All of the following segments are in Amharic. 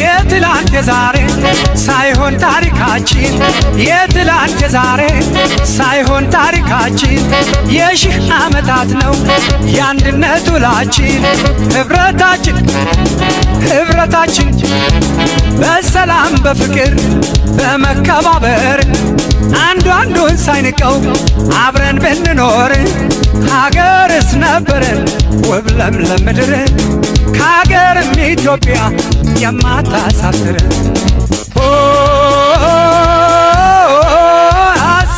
የትላንት ዛሬ ሳይሆን ታሪካችን የትላንት ዛሬ ሳይሆን ታሪካችን የሺህ ዓመታት ነው የአንድነት ውላችን ኅብረታችን ኅብረታችን በሰላም በፍቅር በመከባበር አንዱ አንዱን ሳይንቀው አብረን ብንኖር ሀገርስ ነበረን ውብ ለምለም ምድር ከአገርም ኢትዮጵያ የማታሳፍረ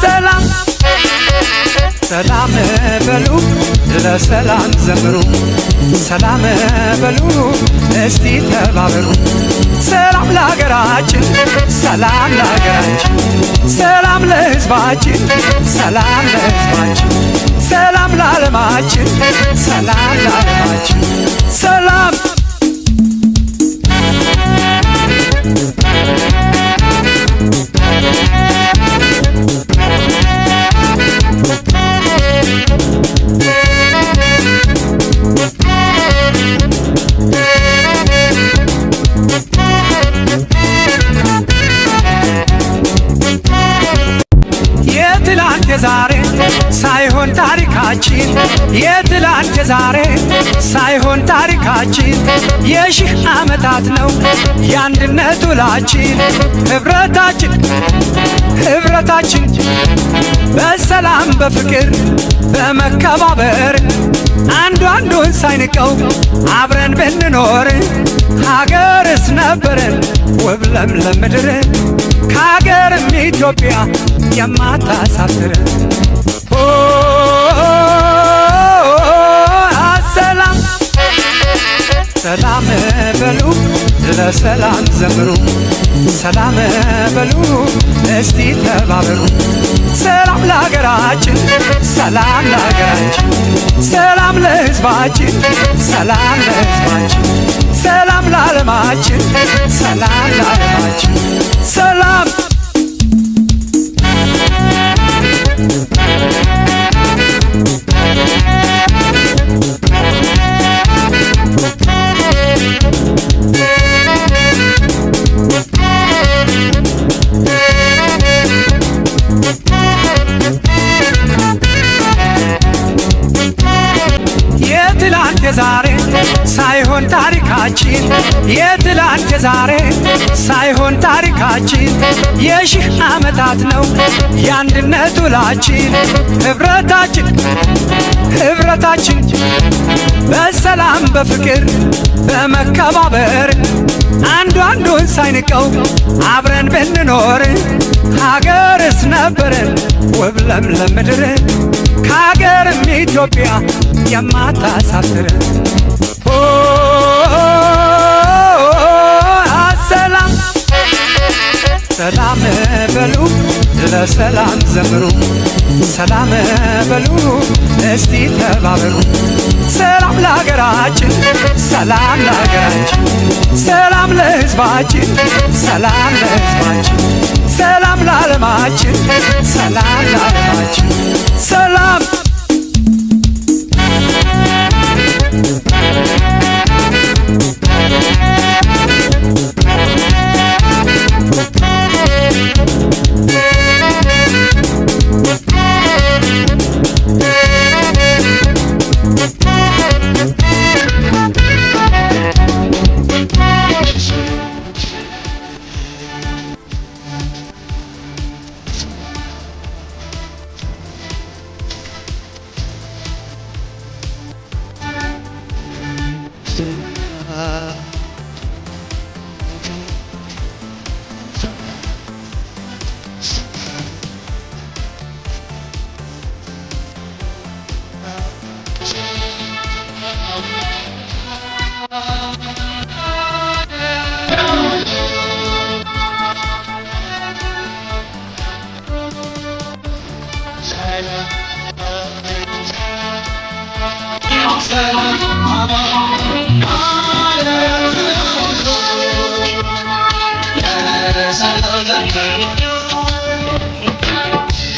ሰላም ሰላም በሉ ለሰላም ዘምሩ፣ ሰላም በሉ እስቲ ተባበሩ። ሰላም ለሀገራችን፣ ሰላም ለሀገራችን፣ ሰላም ለህዝባችን ሰላም ለህዝባችን ሰላም ለዓለማችን የትላንት ዛሬ ሳይሆን ታሪካችን የሺህ ዓመታት ነው የአንድነት ውላችን ኅብረታችን ኅብረታችን በሰላም በፍቅር በመከባበር አንዱ አንዱን ሳይንቀው አብረን ብንኖር ሀገርስ ነበረን ውብ ለምለም ምድር ከሀገርም ኢትዮጵያ የማታሳስረን ሰላም በሉ ለሰላም ዘምሩ፣ ሰላም በሉ እስቲ ተባበሩ። ሰላም ለሀገራችን፣ ሰላም ለሀገራችን፣ ሰላም ለሕዝባችን፣ ሰላም ለሕዝባችን፣ ሰላም ለዓለማችን፣ ሰላም ለዓለማችን የዛሬ ሳይሆን ታሪካችን የትላንት የዛሬ ሳይሆን ታሪካችን የሺህ ዓመታት ነው የአንድነት ውላችን ኅብረታችን ኅብረታችን በሰላም በፍቅር በመከባበር አንዱ አንዱን ሳይንቀው አብረን ብንኖር ሀገርስ ነበረን ውብ ለምለም ምድር ከአገርም ኢትዮጵያ የማታሳፍረ ሰላም ሰላም በሉ ለሰላም ዘምሩ ሰላም በሉ እስቲ ተባበሩ ሰላም ለሀገራችን ሰላም ለሀገራችን ሰላም ለህዝባችን ሰላም ለህዝባችን ሰላም ለዓለማችን ሰላም ለዓለማችን Salam Selam, selam, aman, aman.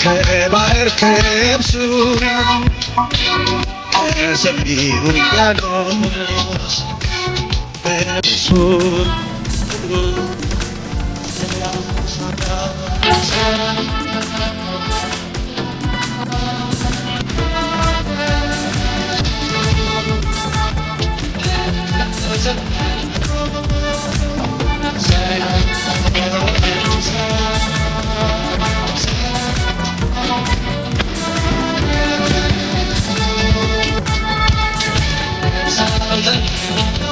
ከባህር ከብሱ ከሰፊው ውቅያኖስ በብሱ ሰላም love.